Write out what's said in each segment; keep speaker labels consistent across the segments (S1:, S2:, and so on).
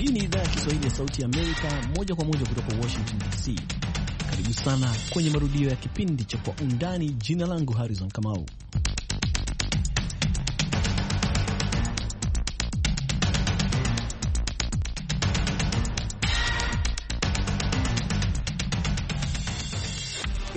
S1: Hii ni idhaa ya Kiswahili ya Sauti ya Amerika, moja kwa moja kutoka Washington DC. Karibu sana kwenye marudio ya kipindi cha Kwa Undani. Jina langu Harrison Kamau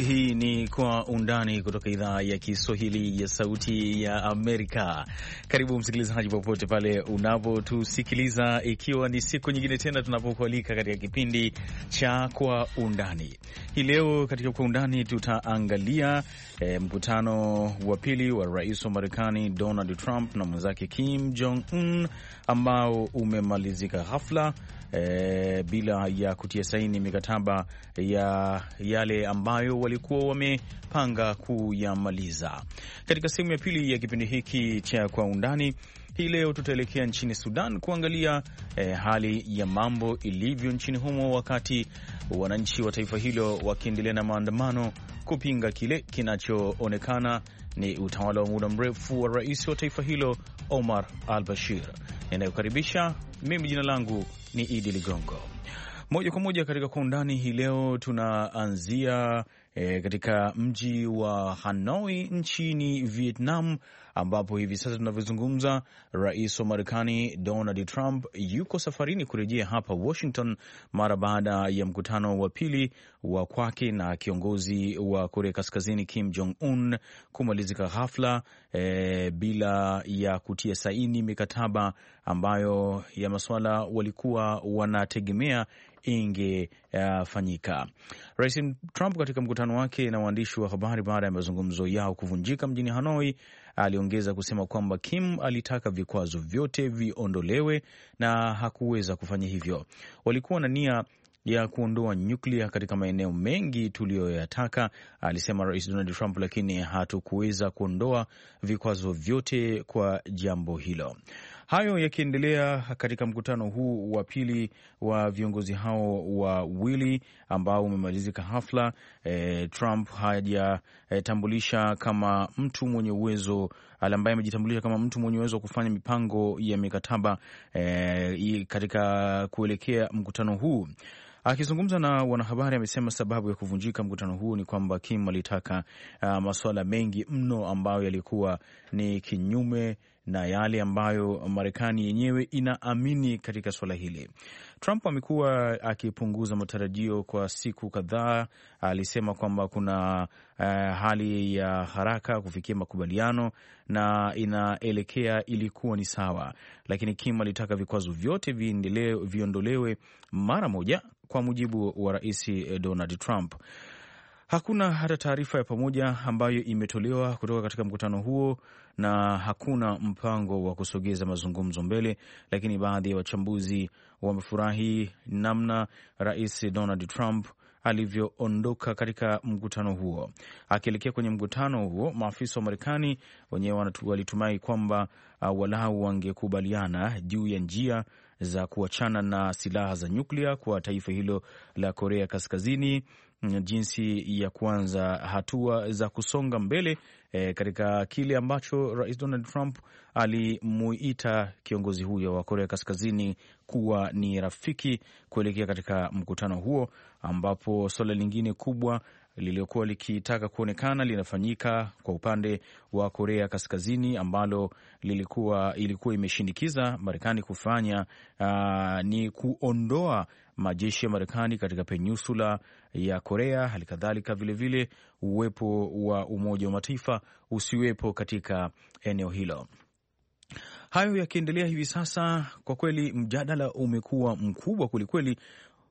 S1: Hii ni Kwa Undani kutoka idhaa ya Kiswahili ya Sauti ya Amerika. Karibu msikilizaji, popote pale unapotusikiliza, ikiwa ni siku nyingine tena tunapokualika katika kipindi cha Kwa Undani. Hii leo katika Kwa Undani tutaangalia e, mkutano wa pili wa rais wa Marekani Donald Trump na mwenzake Kim Jong Un ambao umemalizika ghafla e, bila ya kutia saini mikataba ya yale ambayo walikuwa wamepanga kuyamaliza. Katika sehemu ya pili ya kipindi hiki cha Kwa Undani hii leo tutaelekea nchini Sudan kuangalia eh, hali ya mambo ilivyo nchini humo, wakati wananchi wa taifa hilo wakiendelea na maandamano kupinga kile kinachoonekana ni utawala wa muda mrefu wa rais wa taifa hilo Omar al Bashir. Ninayokaribisha mimi, jina langu ni Idi Ligongo. Moja kwa moja katika kwa undani hii leo tunaanzia e, katika mji wa Hanoi nchini Vietnam ambapo hivi sasa tunavyozungumza, rais wa Marekani Donald Trump yuko safarini kurejea hapa Washington mara baada ya mkutano wa pili wa kwake na kiongozi wa Korea Kaskazini Kim Jong Un kumalizika ghafla e, bila ya kutia saini mikataba ambayo ya masuala walikuwa wanategemea ingefanyika. Uh, Rais Trump katika mkutano wake na waandishi wa habari baada ya mazungumzo yao kuvunjika mjini Hanoi Aliongeza kusema kwamba Kim alitaka vikwazo vyote viondolewe na hakuweza kufanya hivyo. Walikuwa na nia ya kuondoa nyuklia katika maeneo mengi tuliyoyataka, alisema Rais Donald Trump, lakini hatukuweza kuondoa vikwazo vyote kwa jambo hilo. Hayo yakiendelea katika mkutano huu wa pili wa viongozi hao wawili ambao umemalizika hafla. E, Trump hajatambulisha kama mtu mwenye uwezo ambaye amejitambulisha kama mtu mwenye uwezo wa kufanya mipango ya mikataba e, katika kuelekea mkutano huu. Akizungumza na wanahabari amesema sababu ya kuvunjika mkutano huu ni kwamba Kim alitaka uh, ah, masuala mengi mno ambayo yalikuwa ni kinyume na yale ambayo Marekani yenyewe inaamini katika suala hili. Trump amekuwa akipunguza matarajio kwa siku kadhaa. Alisema kwamba kuna uh, hali ya haraka kufikia makubaliano na inaelekea ilikuwa ni sawa, lakini Kim alitaka vikwazo vyote viondolewe mara moja, kwa mujibu wa Rais Donald Trump. Hakuna hata taarifa ya pamoja ambayo imetolewa kutoka katika mkutano huo na hakuna mpango wa kusogeza mazungumzo mbele, lakini baadhi ya wa wachambuzi wamefurahi namna Rais Donald Trump alivyoondoka katika mkutano huo. Akielekea kwenye mkutano huo, maafisa wa Marekani wenyewe walitumai kwamba uh, walau wangekubaliana juu ya njia za kuachana na silaha za nyuklia kwa taifa hilo la Korea Kaskazini Mm, jinsi ya kuanza hatua za kusonga mbele e, katika kile ambacho Rais Donald Trump alimuita kiongozi huyo wa Korea Kaskazini kuwa ni rafiki kuelekea katika mkutano huo, ambapo suala lingine kubwa lililokuwa likitaka kuonekana linafanyika kwa upande wa Korea Kaskazini ambalo lilikuwa ilikuwa imeshinikiza Marekani kufanya uh, ni kuondoa majeshi ya Marekani katika peninsula ya Korea, hali kadhalika vilevile uwepo wa Umoja wa Mataifa usiwepo katika eneo hilo. Hayo yakiendelea hivi sasa, kwa kweli mjadala umekuwa mkubwa kwelikweli,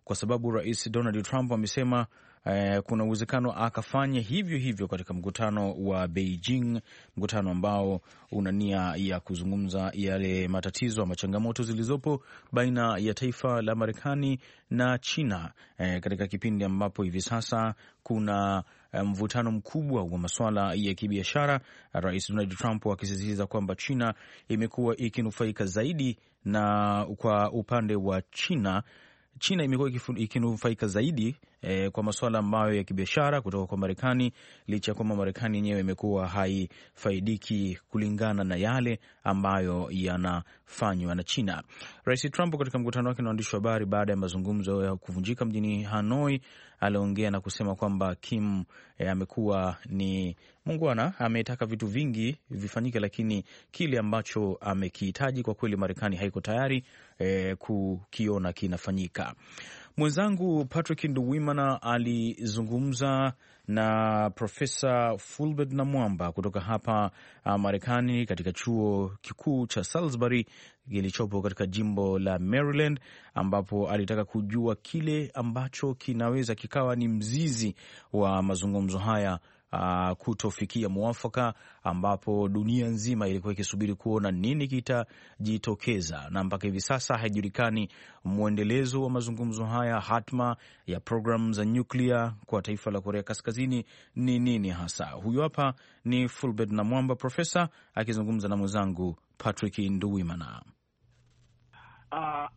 S1: kwa sababu Rais Donald Trump amesema Eh, kuna uwezekano akafanya hivyo hivyo katika mkutano wa Beijing, mkutano ambao una nia ya kuzungumza yale matatizo ama changamoto zilizopo baina ya taifa la Marekani na China eh, katika kipindi ambapo hivi sasa kuna eh, mvutano mkubwa wa masuala ya kibiashara, Rais Donald Trump akisisitiza kwamba China imekuwa ikinufaika zaidi na kwa upande wa China China imekuwa ikinufaika zaidi eh, kwa masuala ambayo ya kibiashara kutoka kwa Marekani, licha ya kwamba Marekani yenyewe imekuwa haifaidiki kulingana na yale ambayo yanafanywa na China. Rais Trump katika mkutano wake na waandishi wa habari baada ya mazungumzo ya kuvunjika mjini Hanoi aliongea na kusema kwamba Kim e, amekuwa ni mungwana ametaka vitu vingi vifanyike, lakini kile ambacho amekihitaji kwa kweli Marekani haiko tayari e, kukiona kinafanyika. Mwenzangu Patrick Nduwimana alizungumza na Profesa Fulbert Namwamba kutoka hapa uh, Marekani, katika chuo kikuu cha Salisbury kilichopo katika jimbo la Maryland, ambapo alitaka kujua kile ambacho kinaweza kikawa ni mzizi wa mazungumzo haya uh, kutofikia mwafaka, ambapo dunia nzima ilikuwa ikisubiri kuona nini kitajitokeza, na mpaka hivi sasa haijulikani mwendelezo wa mazungumzo haya. Hatma ya programu za nyuklia kwa taifa la Korea Kaskazini ni nini hasa? Huyu hapa ni Fulbert na Mwamba, profesa akizungumza na mwenzangu Patrick Nduwimana.
S2: Uh,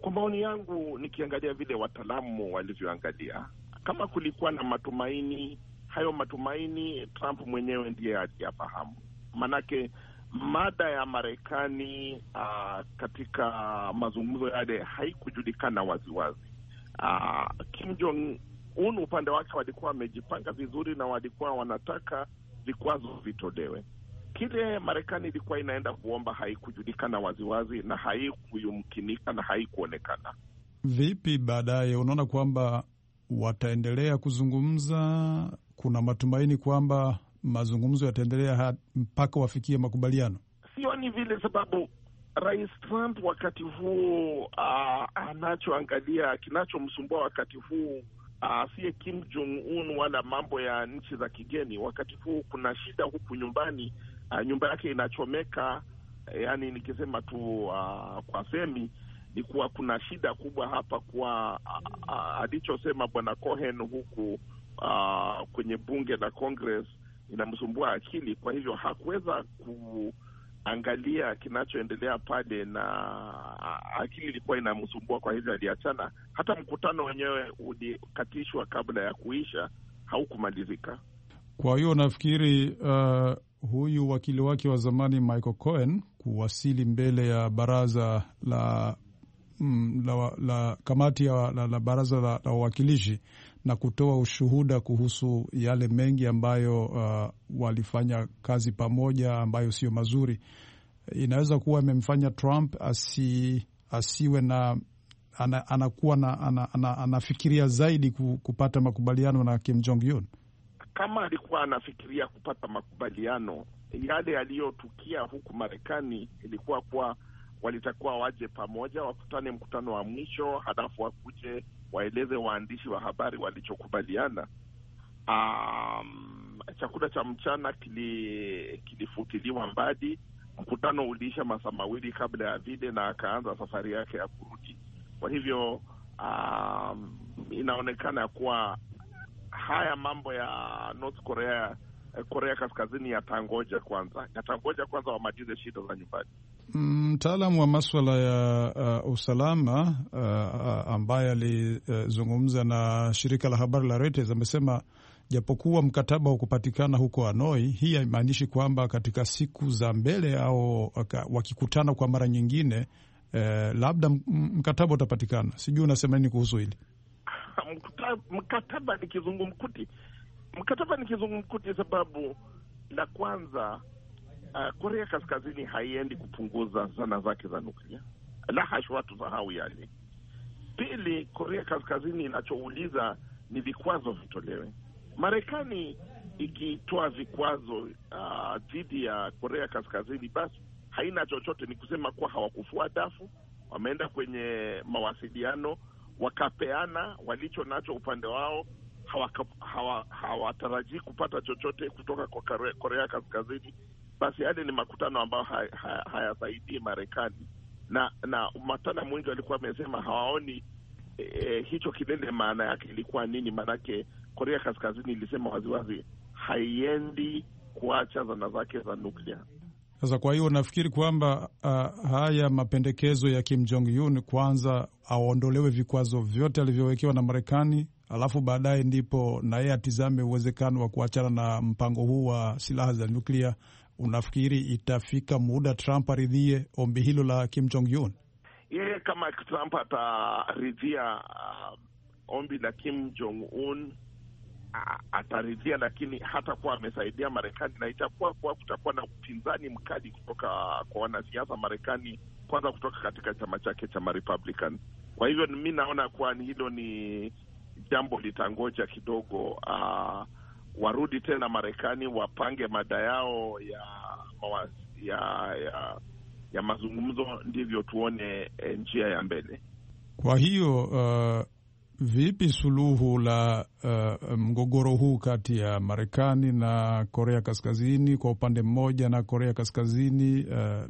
S2: kwa maoni yangu nikiangalia vile wataalamu walivyoangalia, kama kulikuwa na matumaini hayo matumaini Trump mwenyewe ndiye aliyafahamu, manake mada ya Marekani uh, katika mazungumzo yale haikujulikana waziwazi. Uh, Kim Jong Un upande wake walikuwa wamejipanga vizuri na walikuwa wanataka vikwazo vitolewe. Kile Marekani ilikuwa inaenda kuomba haikujulikana waziwazi na haikuyumkinika na haikuonekana.
S3: Vipi baadaye, unaona kwamba wataendelea kuzungumza kuna matumaini kwamba mazungumzo yataendelea mpaka wafikie makubaliano?
S2: Sioni vile, sababu Rais Trump wakati huu uh, anachoangalia kinachomsumbua wakati huu uh, siye Kim Jong Un wala mambo ya nchi za kigeni. Wakati huu kuna shida huku nyumbani, uh, nyumba yake inachomeka. Yani nikisema tu uh, kwa semi ni kuwa kuna shida kubwa hapa kwa alichosema Bwana Cohen huku uh, kwenye bunge la Congress inamsumbua akili. Kwa hivyo hakuweza kuangalia kinachoendelea pale, na akili ilikuwa inamsumbua, kwa hivyo aliachana. Hata mkutano wenyewe ulikatishwa kabla ya kuisha, haukumalizika.
S3: Kwa hiyo nafikiri uh, huyu wakili wake wa zamani Michael Cohen kuwasili mbele ya baraza la, mm, la, la kamati ya la, la baraza la wawakilishi na kutoa ushuhuda kuhusu yale mengi ambayo uh, walifanya kazi pamoja ambayo sio mazuri. Inaweza kuwa imemfanya Trump asi, asiwe na ana, anakuwa na ana, ana, anafikiria zaidi kupata makubaliano na Kim Jong Un.
S2: Kama alikuwa anafikiria kupata makubaliano yale yaliyotukia huku Marekani, ilikuwa kuwa walitakuwa waje pamoja, wakutane mkutano wa mwisho, halafu wakuje waeleze waandishi wa habari walichokubaliana. Um, chakula cha mchana kili, kilifutiliwa mbali. Mkutano uliisha masaa mawili kabla ya vile, na akaanza safari yake ya kurudi. Kwa hivyo um, inaonekana kuwa haya mambo ya North Korea, Korea Kaskazini yatangoja kwanza, yatangoja kwanza wamalize shida za nyumbani.
S3: Mtaalamu wa maswala ya uh, usalama uh, ambaye alizungumza uh, na shirika la habari la Reuters amesema japokuwa mkataba wa kupatikana huko Hanoi, hii haimaanishi kwamba katika siku za mbele au wakikutana kwa mara nyingine eh, labda mkataba utapatikana. Sijui unasema nini kuhusu hili
S2: mkataba. Ni kizungumkuti, mkataba ni kizungumkuti, sababu la kwanza uh, Korea Kaskazini haiendi kupunguza zana zake za nuklia, la hasha, watu sahau yale. Pili, Korea Kaskazini inachouliza ni vikwazo vitolewe. Marekani ikitoa vikwazo ah, dhidi uh, ya Korea Kaskazini, basi haina chochote, ni kusema kuwa hawakufua dafu, wameenda kwenye mawasiliano wakapeana walicho nacho upande wao, hawatarajii hawa, hawa kupata chochote kutoka kwa Korea Kaskazini basi yale ni makutano ambayo hayasaidii Marekani, na na wataalamu wengi walikuwa wamesema hawaoni e, hicho kilele maana yake ilikuwa nini? Maanake Korea Kaskazini ilisema waziwazi haiendi kuacha zana zake za nuklia.
S3: Sasa kwa hiyo nafikiri kwamba uh, haya mapendekezo ya Kim Jong Un kwanza aondolewe vikwazo vyote alivyowekewa na Marekani, alafu baadaye ndipo na yeye atizame uwezekano wa kuachana na mpango huu wa silaha za nyuklia Unafikiri itafika muda Trump aridhie ombi hilo la Kim Jong Un?
S2: Yeye kama Trump ataridhia uh, ombi la Kim Jong Un uh, ataridhia lakini hatakuwa amesaidia Marekani na itakuwa kuwa kutakuwa na upinzani mkali kutoka kwa wanasiasa Marekani, kwanza kutoka katika chama chake cha Republican. Kwa hivyo mi naona kuwa hilo ni jambo litangoja kidogo, uh, warudi tena Marekani wapange mada yao ya ya ya, ya mazungumzo, ndivyo tuone eh, njia ya mbele.
S3: Kwa hiyo uh, vipi suluhu la uh, mgogoro huu kati ya Marekani na Korea Kaskazini kwa upande mmoja na Korea Kaskazini uh,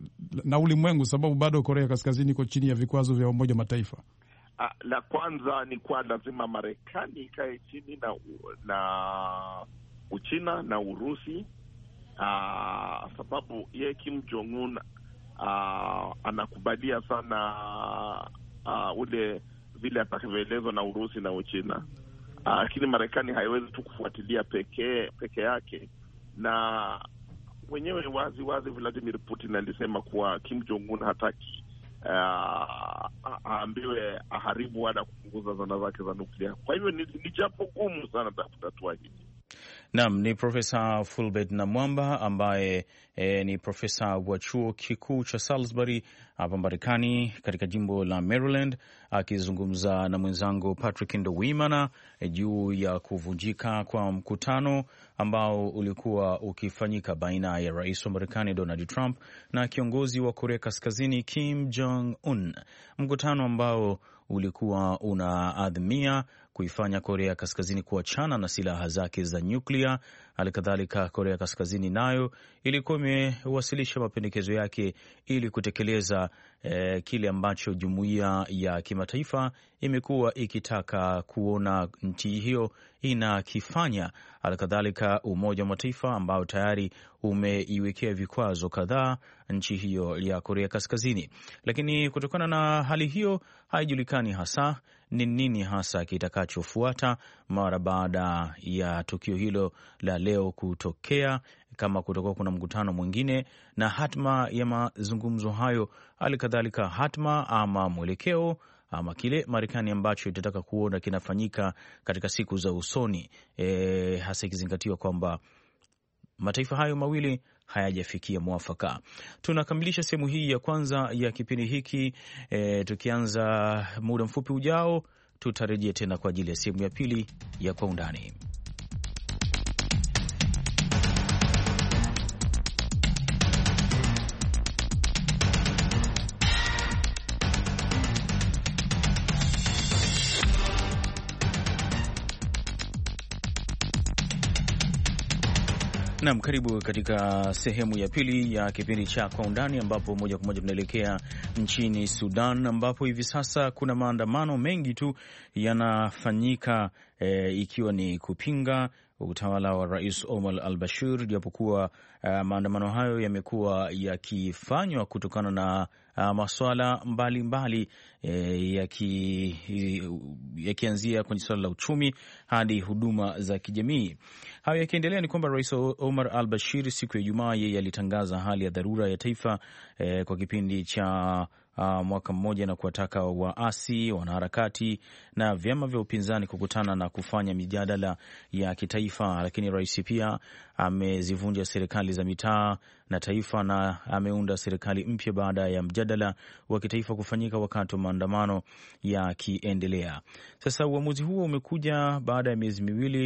S3: na ulimwengu, sababu bado Korea Kaskazini iko chini ya vikwazo vya Umoja Mataifa.
S2: Ah, la kwanza ni kwa lazima Marekani ikae chini na, na Uchina na Urusi uh, sababu ye Kim Jong Un ah, anakubalia sana uh, ule vile atakavyoelezwa na Urusi na Uchina lakini Marekani haiwezi tu kufuatilia pekee peke yake na mwenyewe wazi wazi Vladimir Putin alisema kuwa Kim Jong Un hataki Eh, aambiwe aharibu wada kupunguza zana zake za nuklia. Kwa hivyo ni, ni jambo gumu sana za kutatua hili.
S1: Naam, ni Profesa Fulbert Namwamba ambaye e, ni profesa wa chuo kikuu cha Salisbury hapa Marekani, katika jimbo la Maryland, akizungumza na mwenzangu Patrick Ndowimana e, eh, juu ya kuvunjika kwa mkutano ambao ulikuwa ukifanyika baina ya rais wa Marekani Donald Trump na kiongozi wa Korea Kaskazini Kim Jong Un, mkutano ambao ulikuwa unaadhimia kuifanya Korea Kaskazini kuachana na silaha zake za nyuklia Halikadhalika, Korea Kaskazini nayo ilikuwa imewasilisha mapendekezo yake ili kutekeleza eh, kile ambacho jumuiya ya kimataifa imekuwa ikitaka kuona nchi hiyo inakifanya. kadhalika Umoja wa Mataifa ambao tayari umeiwekea vikwazo kadhaa nchi hiyo ya Korea Kaskazini, lakini kutokana na hali hiyo haijulikani hasa ni nini hasa kitakachofuata mara baada ya tukio hilo la leo kutokea, kama kutakuwa kuna mkutano mwingine na hatma ya mazungumzo hayo, hali kadhalika hatma ama mwelekeo ama kile Marekani ambacho itataka kuona kinafanyika katika siku za usoni, e, hasa ikizingatiwa kwamba mataifa hayo mawili hayajafikia mwafaka. Tunakamilisha sehemu hii ya kwanza ya kipindi hiki. E, tukianza muda mfupi ujao tutarejea tena kwa ajili ya sehemu ya pili ya kwa undani. Nam, karibu katika sehemu ya pili ya kipindi cha Kwa Undani, ambapo moja kwa moja tunaelekea nchini Sudan, ambapo hivi sasa kuna maandamano mengi tu yanafanyika e, ikiwa ni kupinga utawala wa Rais Omar al Bashir, japokuwa uh, maandamano hayo yamekuwa yakifanywa kutokana na uh, maswala mbalimbali mbali, yakianzia ya kwenye suala la uchumi hadi huduma za kijamii. Hayo yakiendelea ni kwamba Rais Omar al Bashir siku ya Ijumaa yeye alitangaza hali ya dharura ya taifa eh, kwa kipindi cha uh, mwaka mmoja na kuwataka waasi, wanaharakati na vyama vya upinzani kukutana na kufanya mijadala ya kitaifa. Lakini rais pia amezivunja serikali za mitaa na taifa na ameunda serikali mpya baada ya mjadala wa kitaifa kufanyika wakati wa maandamano yakiendelea. Sasa uamuzi huo umekuja baada ya miezi miwili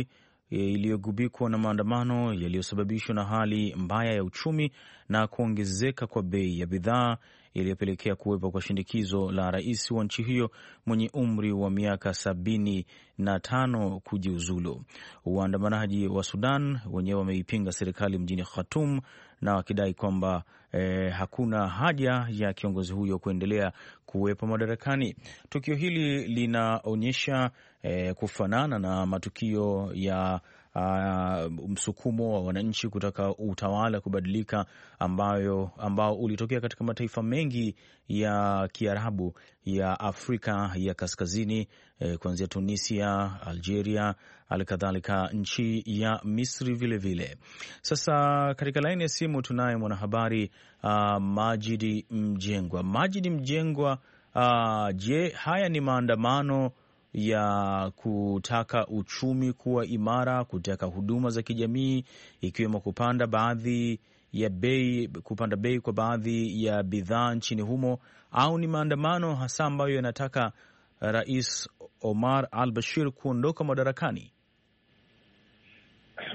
S1: eh, iliyogubikwa na maandamano yaliyosababishwa na hali mbaya ya uchumi na kuongezeka kwa bei ya bidhaa iliyopelekea kuwepo kwa shinikizo la rais wa nchi hiyo mwenye umri wa miaka sabini na tano kujiuzulu. Waandamanaji wa Sudan wenyewe wameipinga serikali mjini Khartoum na wakidai kwamba eh, hakuna haja ya kiongozi huyo kuendelea kuwepo madarakani. Tukio hili linaonyesha eh, kufanana na matukio ya uh, msukumo wa wananchi kutaka utawala kubadilika ambayo, ambao ulitokea katika mataifa mengi ya Kiarabu ya Afrika ya Kaskazini eh, kuanzia Tunisia, Algeria, halikadhalika nchi ya Misri vilevile vile. Sasa katika laini ya simu tunaye mwanahabari uh, Majidi Mjengwa. Majidi Mjengwa, uh, je, haya ni maandamano ya kutaka uchumi kuwa imara, kutaka huduma za kijamii ikiwemo kupanda baadhi ya bei, kupanda bei kwa baadhi ya bidhaa nchini humo, au ni maandamano hasa ambayo yanataka Rais Omar al Bashir kuondoka madarakani?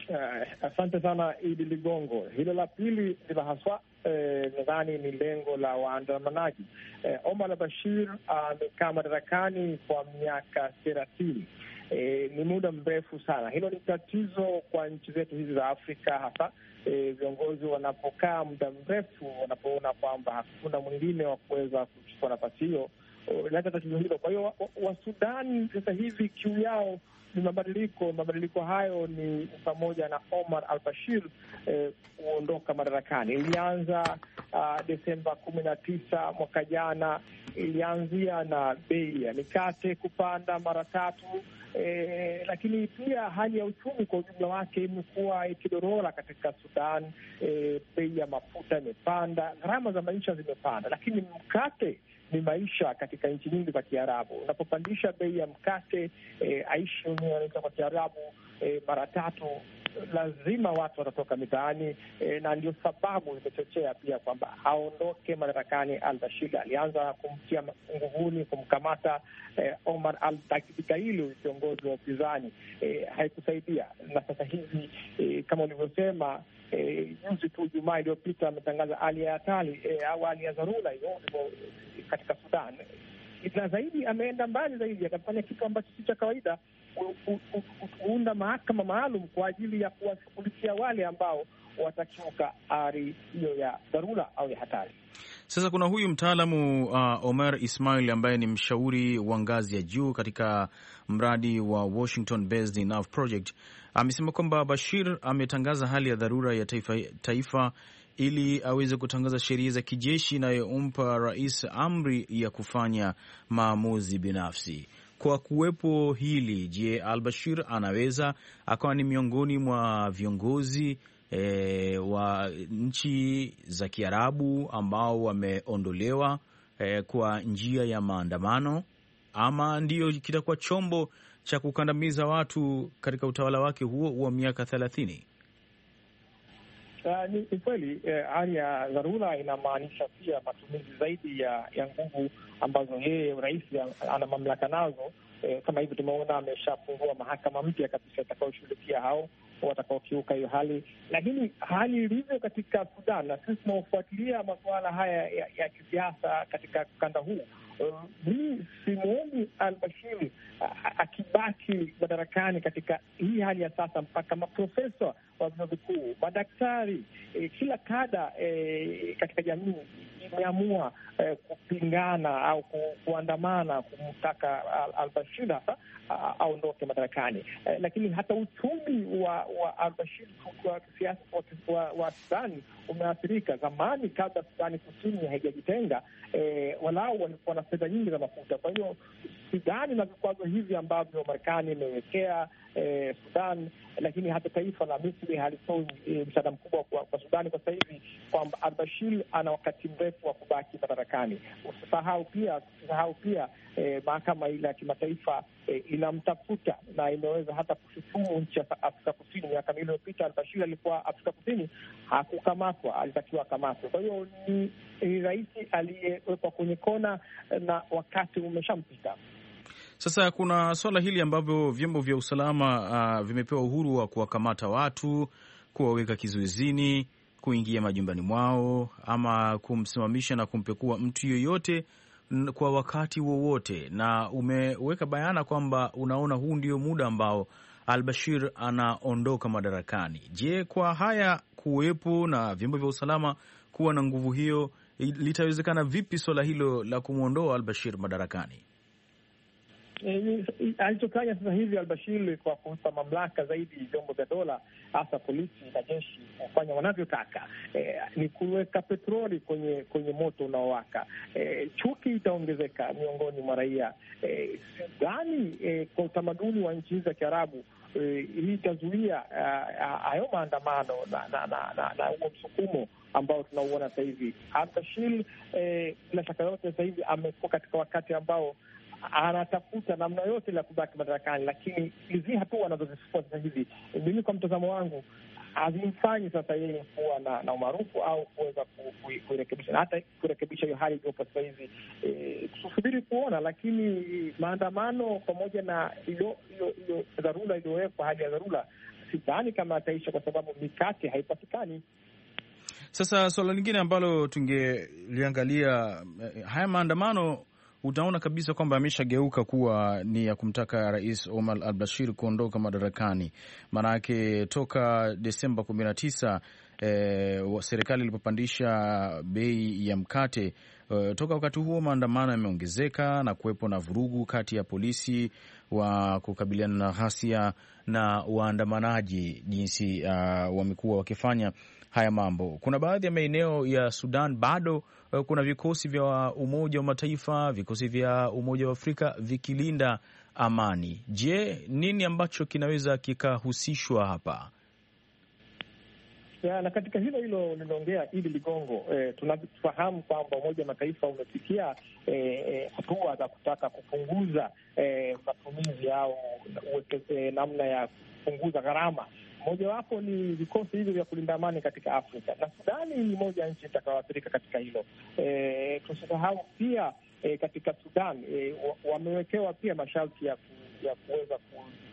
S4: Uh, asante sana Idi Ligongo. Hilo la pili ila eh, haswa eh, nadhani ni lengo la waandamanaji eh, Omar al Bashir ah, amekaa uh, madarakani kwa miaka thelathini. E, ni muda mrefu sana. Hilo ni tatizo kwa nchi zetu hizi za Afrika hasa e, viongozi wanapokaa muda mrefu, wanapoona kwamba hakuna mwingine wa kuweza kuchukua nafasi hiyo inaweza tatizo hilo. Kwa hiyo Wasudani sasa hivi kiu yao ni mabadiliko. Mabadiliko hayo ni pamoja na Omar al Bashir eh, kuondoka eh, madarakani. Ilianza uh, Desemba kumi na tisa mwaka jana, ilianzia na bei ya mikate kupanda mara tatu. Eh, lakini pia hali ya uchumi kwa ujumla wake imekuwa ikidorora katika Sudan. Eh, bei ya mafuta imepanda, gharama za maisha zimepanda, lakini mkate ni maisha katika nchi nyingi za Kiarabu. Unapopandisha bei ya mkate, eh, aishi wenyewe kwa Kiarabu e, mara tatu lazima watu watatoka mitaani e, na ndio sababu imechochea pia kwamba aondoke madarakani Al-Bashir. Alianza kumtia nguvuni kumkamata e, Omar Al-Bashir, kiongozi wa upinzani e, haikusaidia. Na sasa hivi e, kama ulivyosema e, juzi e, tu Jumaa iliyopita ametangaza hali ya hatari e, au hali ya dharura hiyo katika Sudan na zaidi ameenda mbali zaidi, akafanya kitu ambacho si cha kawaida, kuunda mahakama maalum kwa ajili ya kuwashughulikia wale ambao watakiuka ari hiyo ya dharura au ya hatari.
S1: Sasa kuna huyu mtaalamu uh, Omar Ismail ambaye ni mshauri wa ngazi ya juu katika mradi wa Washington Based Enough Project amesema kwamba Bashir ametangaza hali ya dharura ya taifa, taifa ili aweze kutangaza sheria za kijeshi inayompa rais amri ya kufanya maamuzi binafsi. Kwa kuwepo hili, je, al-Bashir anaweza akawa ni miongoni mwa viongozi e, wa nchi za Kiarabu ambao wameondolewa e, kwa njia ya maandamano, ama ndiyo kitakuwa chombo cha kukandamiza watu katika utawala wake huo wa miaka thelathini?
S2: Ah, ni, ni kweli eh, hali ya
S4: dharura inamaanisha pia matumizi zaidi ya ya nguvu ambazo yeye rais ana mamlaka nazo. Eh, kama hivyo tumeona ameshafungua mahakama mpya kabisa itakaoshughulikia hao watakaokiuka hiyo hali, lakini hali ilivyo katika Sudan na sisi tunaofuatilia masuala haya ya, ya kisiasa katika ukanda huu eh, mii uh, simuoni Albashiri ah, akibaki madarakani katika hii hali ya sasa, mpaka maprofesa kwa vyuo vikuu, madaktari, eh, kila kada eh, katika jamii imeamua eh, kupingana au ku, kuandamana kumtaka Albashir hasa aondoke madarakani eh, lakini hata uchumi wa wa Albashir wa kisiasa wa, wa Sudani umeathirika. Zamani kabla Sudani kusini haijajitenga eh, walau walikuwa na fedha nyingi za mafuta, kwa hiyo sidhani na vikwazo hivi ambavyo Marekani imewekea eh, Sudan, lakini hata taifa la Misri halitoi eh, msaada mkubwa kwa, kwa Sudani kwa sasa hivi, kwamba Albashir ana wakati mrefu wa kubaki madarakani. Usisahau pia usisahau pia eh, mahakama ile ya kimataifa eh, inamtafuta na imeweza hata kushutumu nchi ya Afrika Kusini. Miaka miwili iliyopita Albashir alikuwa Afrika Kusini, hakukamatwa, alitakiwa akamatwe. Kwa hiyo ni, ni rais aliyewekwa kwenye kona na wakati umeshampita.
S1: Sasa kuna swala hili ambavyo vyombo vya usalama uh, vimepewa uhuru wa kuwakamata watu, kuwaweka kizuizini, kuingia majumbani mwao ama kumsimamisha na kumpekua mtu yoyote kwa wakati wowote, na umeweka bayana kwamba unaona huu ndio muda ambao al bashir anaondoka madarakani. Je, kwa haya kuwepo na vyombo vya usalama kuwa na nguvu hiyo, litawezekana vipi swala hilo la kumwondoa al bashir madarakani?
S4: Eh, alichofanya sasa hivi Albashir kwa kumpa mamlaka zaidi vyombo vya dola, hasa polisi na jeshi kufanya wanavyotaka, eh, ni kuweka petroli kwenye kwenye moto unaowaka. Eh, chuki itaongezeka miongoni mwa raia eh, gani, eh, eh, kwa utamaduni wa nchi hizi za Kiarabu. Eh, hii itazuia eh, hayo maandamano na na, na, na, na huo msukumo ambao tunauona sasa hivi. Albashir bila eh, shaka yote sasa hivi amekuwa katika wakati ambao anatafuta namna yote la kubaki madarakani, lakini hizi hatua anazozichukua sasa hivi, mimi kwa mtazamo wangu hazimfanyi sasa yeye kuwa na, na umaarufu au kuweza kurekebisha na hata kurekebisha hiyo hali iliyopo sasa hivi. E, tusubiri kuona, lakini maandamano pamoja na hiyo dharura iliyowekwa, hali ya dharura, sidhani kama ataisha, kwa sababu mikate haipatikani.
S1: Sasa suala lingine ambalo tungeliangalia, eh, haya maandamano utaona kabisa kwamba ameshageuka kuwa ni ya kumtaka Rais Omar al Bashir kuondoka madarakani. Maanake toka Desemba kumi na tisa eh, serikali ilipopandisha bei ya mkate eh, toka wakati huo maandamano yameongezeka na kuwepo na vurugu kati ya polisi wa kukabiliana na ghasia na waandamanaji, jinsi uh, wamekuwa wakifanya haya mambo. Kuna baadhi ya maeneo ya Sudan bado Eh, kuna vikosi vya Umoja wa Mataifa, vikosi vya Umoja wa Afrika vikilinda amani. Je, nini ambacho kinaweza kikahusishwa hapa?
S4: Ya, na katika hilo hilo linaongea Idi Ligongo, eh, tunafahamu kwamba Umoja wa Mataifa umefikia eh, eh, hatua eh, za kutaka kupunguza eh, matumizi au namna ya kupunguza gharama mojawapo ni vikosi hivyo vya kulinda amani katika Afrika, na Sudani ni moja ya nchi itakayoathirika katika hilo. E, tusisahau pia e, katika Sudan e, wamewekewa pia masharti ya ya kuweza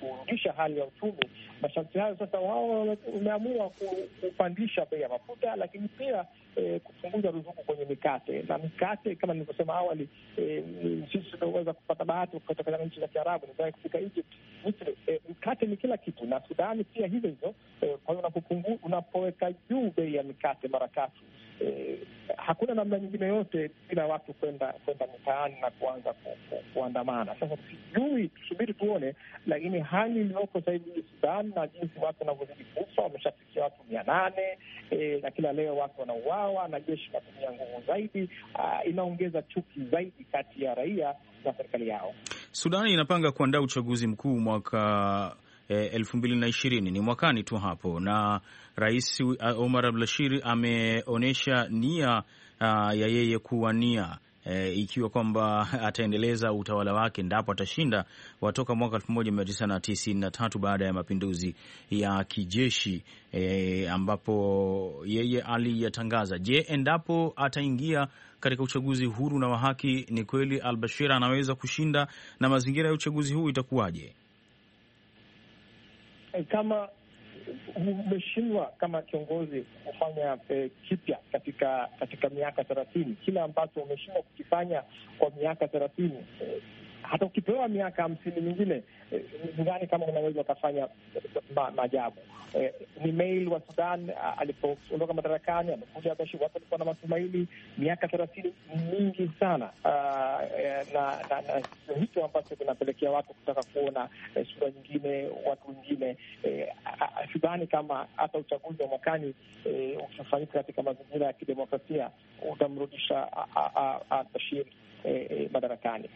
S4: kurudisha hali ya uchumi. Masharti hayo sasa, wao wameamua kupandisha bei ya mafuta, lakini pia e, kupunguza ruzuku kwenye mikate na mikate. Kama nilivyosema awali, sisi tunaweza kupata bahati kutokana na nchi za Kiarabu. Nimewahi kufika Egypt. Mkate ni kila kitu, na Sudani pia hivyo hivyo. Kwa hiyo unapoweka juu bei ya mikate mara tatu eh, hakuna namna nyingine yote bila watu kwenda kwenda mitaani na kuanza ku, ku, kuandamana. Sasa sijui, tusubiri tuone, lakini hali iliyoko sahivi Sudan na jinsi watu wanavyozidi kufa, wameshafikia watu mia nane eh, na kila leo watu wanauawa na jeshi inatumia nguvu zaidi. ah, inaongeza chuki zaidi kati ya raia na serikali
S1: yao. Sudani inapanga kuandaa uchaguzi mkuu mwaka Eh, elfu mbili na ishirini ni mwakani tu hapo, na Rais uh, Omar al ameonyesha nia uh, ya yeye kuwania E, ikiwa kwamba ataendeleza utawala wake ndapo atashinda watoka mwaka 1993 baada ya mapinduzi ya kijeshi e, ambapo yeye aliyatangaza. Je, endapo ataingia katika uchaguzi huru na wa haki, ni kweli Al-Bashir anaweza kushinda na mazingira ya uchaguzi huu itakuwaje?
S4: Eh, kama umeshindwa kama kiongozi kufanya e, eh, kipya katika katika miaka thelathini, kile ambacho umeshindwa kukifanya kwa miaka thelathini eh, hata ukipewa miaka hamsini mingine eh, sidhani kama unaweza ukafanya maajabu. Eh, ni mail wa Sudan alipoondoka madarakani, amekuja Bashir, watu na matumaini miaka thelathini mingi sana, e, na hicho ambacho kinapelekea watu kutaka kuona eh, sura nyingine, watu wengine. Sidhani kama hata uchaguzi wa mwakani ukifanyika katika mazingira ya kidemokrasia utamrudisha Bashir madarakani.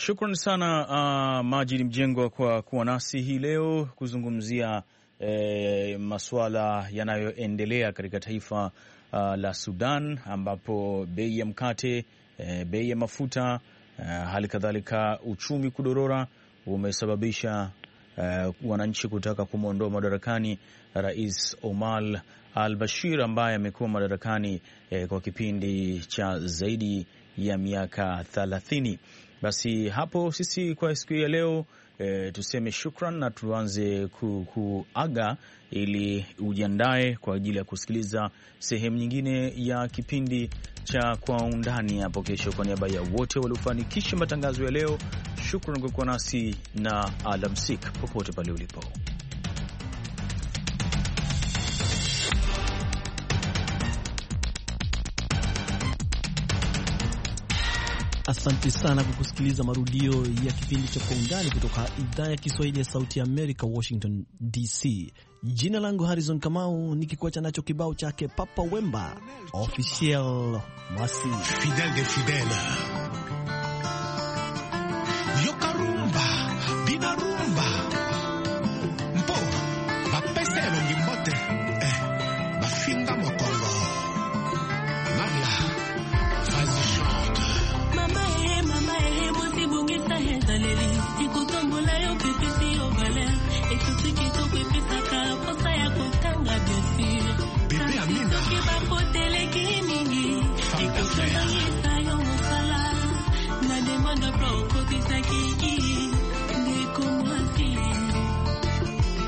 S1: Shukran sana uh, Majid Mjengwa kwa kuwa nasi hii leo kuzungumzia eh, masuala yanayoendelea katika taifa uh, la Sudan ambapo bei ya mkate eh, bei ya mafuta eh, hali kadhalika uchumi kudorora umesababisha eh, wananchi kutaka kumwondoa madarakani Rais Omar al-Bashir ambaye amekuwa madarakani eh, kwa kipindi cha zaidi ya miaka thelathini. Basi hapo sisi kwa siku ya leo e, tuseme shukran na tuanze ku, kuaga ili ujiandae kwa ajili ya kusikiliza sehemu nyingine ya kipindi cha Kwa Undani hapo kesho. Kwa niaba ya wote waliofanikisha matangazo ya leo, shukran kwa kuwa nasi na alamsik, popote pale ulipo. Asante sana kwa kusikiliza marudio ya kipindi cha Kwa Undani kutoka idhaa ya Kiswahili ya Sauti ya Amerika, Washington DC. Jina langu Harrison Kamau, nikikuacha nacho kibao chake Papa Wemba Officiel Masi
S5: Fidel de
S1: Fidela.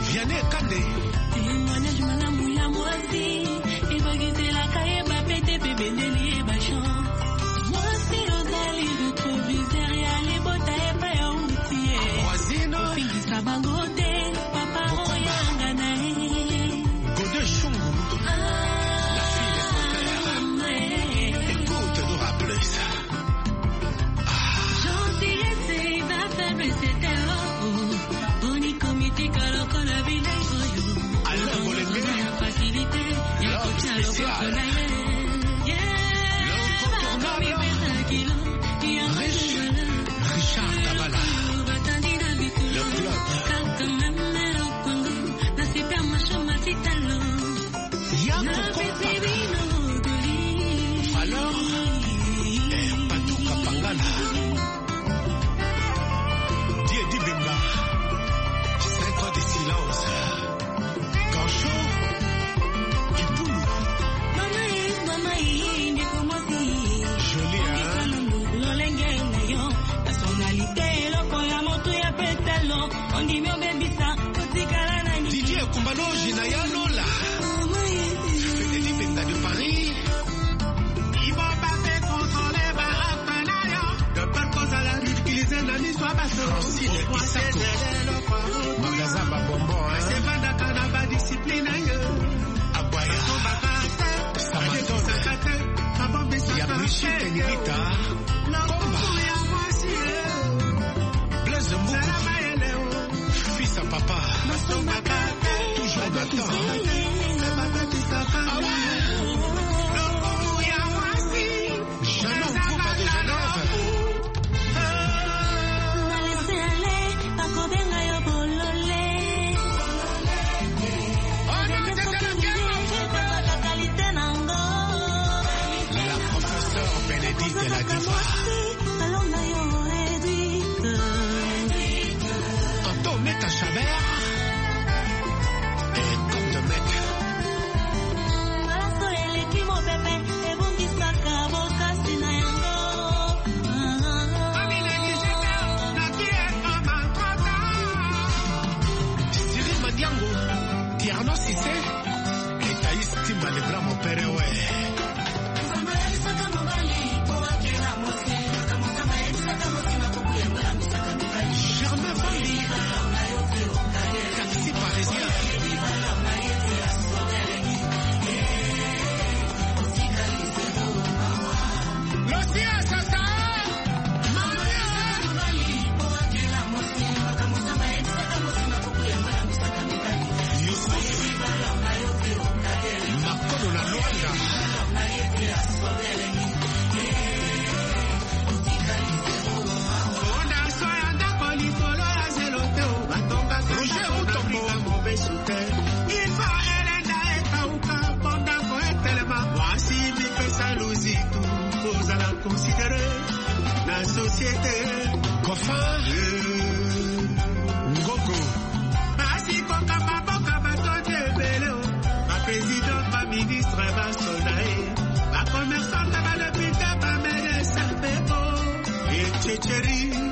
S5: vianney kande emwanage malamu ya mwasi ebakiselaka ye bapete mpe bendeli ye Cherry.